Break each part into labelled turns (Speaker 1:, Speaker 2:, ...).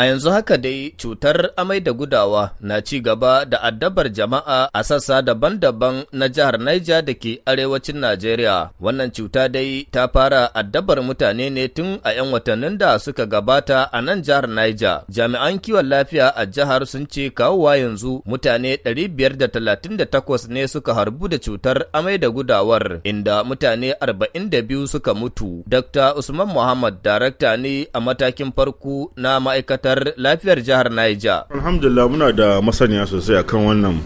Speaker 1: A yanzu haka dai cutar amai da gudawa na ci gaba da addabar jama'a a sassa daban-daban na jihar Niger da ke arewacin Najeriya. Wannan cuta dai ta fara addabar mutane ne tun a 'yan watannin da suka gabata a nan jihar Niger. Jami'an kiwon lafiya a jihar sun ce kawowa yanzu mutane 538 ne suka harbu da cutar amai da gudawar inda mutane 42 suka mutu. Dr. Usman Muhammad darakta ne a matakin farko na ma'aikata. ma'aikatar lafiyar jihar Naija.
Speaker 2: Alhamdulillah muna da masaniya sosai a kan wannan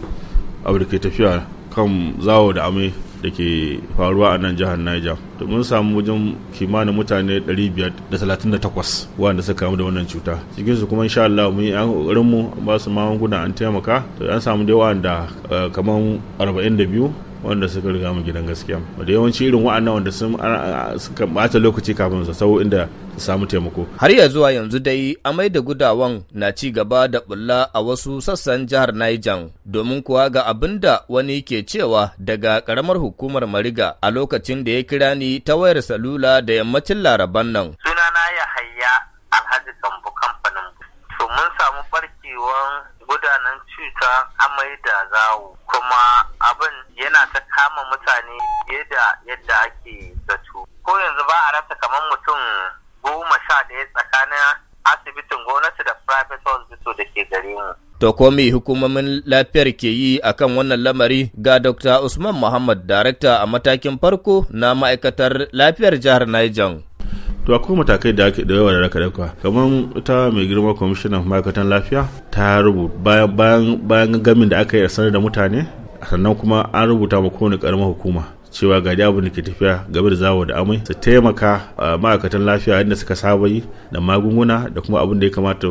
Speaker 2: abu da ke tafiya kan zawo da amai da ke faruwa a nan jihar Naija. To mun samu wajen kimanin mutane 538 wanda suka kamu da wannan cuta. Cikin su kuma insha Allah mun yi an kokarin mu ba su magunguna an taimaka. To an samu eh, da wanda kaman 42 wanda suka riga mu gidan gaskiya da yawanci irin wa'annan wanda sun suka bata lokaci kafin su sau inda su samu taimako har ya zuwa yanzu dai amai da
Speaker 1: gudawan na ci gaba da bulla a wasu sassan jihar Niger domin kuwa ga abin da wani ke cewa daga karamar hukumar Mariga a lokacin da ya kira ni ta wayar salula da yammacin Laraban nan sunana Yahaya Alhaji Sambo kamfanin to mun samu barkewan gudanan cuta amai da zawo kuma abin kama mutane fiye da yadda ake zato ko yanzu ba a rasa kamar mutum goma sha ɗaya tsakanin asibitin gwamnati da private hospital da ke gare mu To ko me hukumomin lafiyar ke yi akan wannan lamari ga Dr. Usman Muhammad Darekta a matakin farko na ma'aikatar lafiyar jihar Niger.
Speaker 2: to akwai matakai da ake da yawa da raka dauka kamar ita mai girma kwamishinan ma'aikatan lafiya ta rubuta bayan bayan gamin da aka yi sanar da mutane sannan kuma an rubuta ma kowane karamar hukuma cewa ga abin da ke tafiya game da zawo da amai su taimaka ma'aikatan lafiya inda suka saba yi da magunguna da kuma abin da ya kamata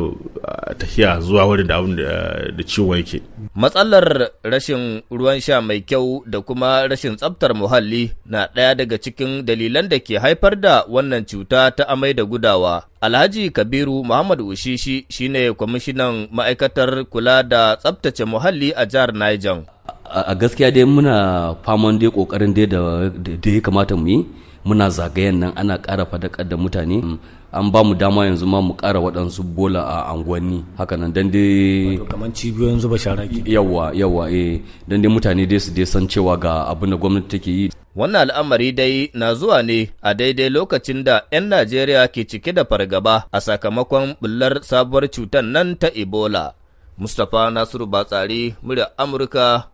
Speaker 2: tafiya zuwa wurin da abin da ciwon yake.
Speaker 1: Matsalar rashin ruwan sha mai kyau da kuma rashin tsabtar muhalli na ɗaya daga cikin dalilan da ke haifar da wannan cuta ta amai da gudawa. Alhaji Kabiru Muhammad Ushishi shine kwamishinan ma'aikatar kula da tsabtace muhalli a jihar Niger.
Speaker 3: a gaskiya dai muna faman dai kokarin dai da ya kamata mu yi muna zagayen nan ana ƙara fadakar da mutane an ba mu dama yanzu ma mu ƙara waɗansu bola a angwanni haka nan dan dai kamar cibiyoyin zuba shara yawa yawa eh dan dai mutane dai su dai san cewa ga abin da gwamnati take yi wannan al'amari dai na zuwa ne
Speaker 1: a daidai lokacin da 'yan Najeriya ke cike da fargaba a sakamakon bullar sabuwar cutar nan ta Ebola Mustapha Nasiru Batsari murya Amurka